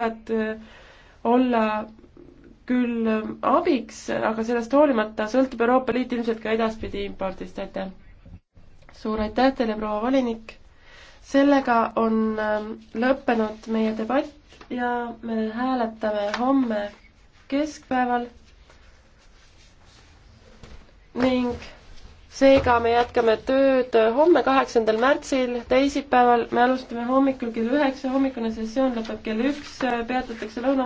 võivad äh, olla küll äh, abiks, aga sellest hoolimata sõltub Euroopa Liit ilmselt ka edaspidi impordist, aitäh! suur aitäh teile, proua volinik! sellega on äh, lõppenud meie debatt ja me hääletame homme keskpäeval ning seega me jätkame tööd homme, kaheksandal märtsil, teisipäeval, me alustame hommikul kell üheksa, hommikune sessioon lõpeb kell üks, peatatakse lõuna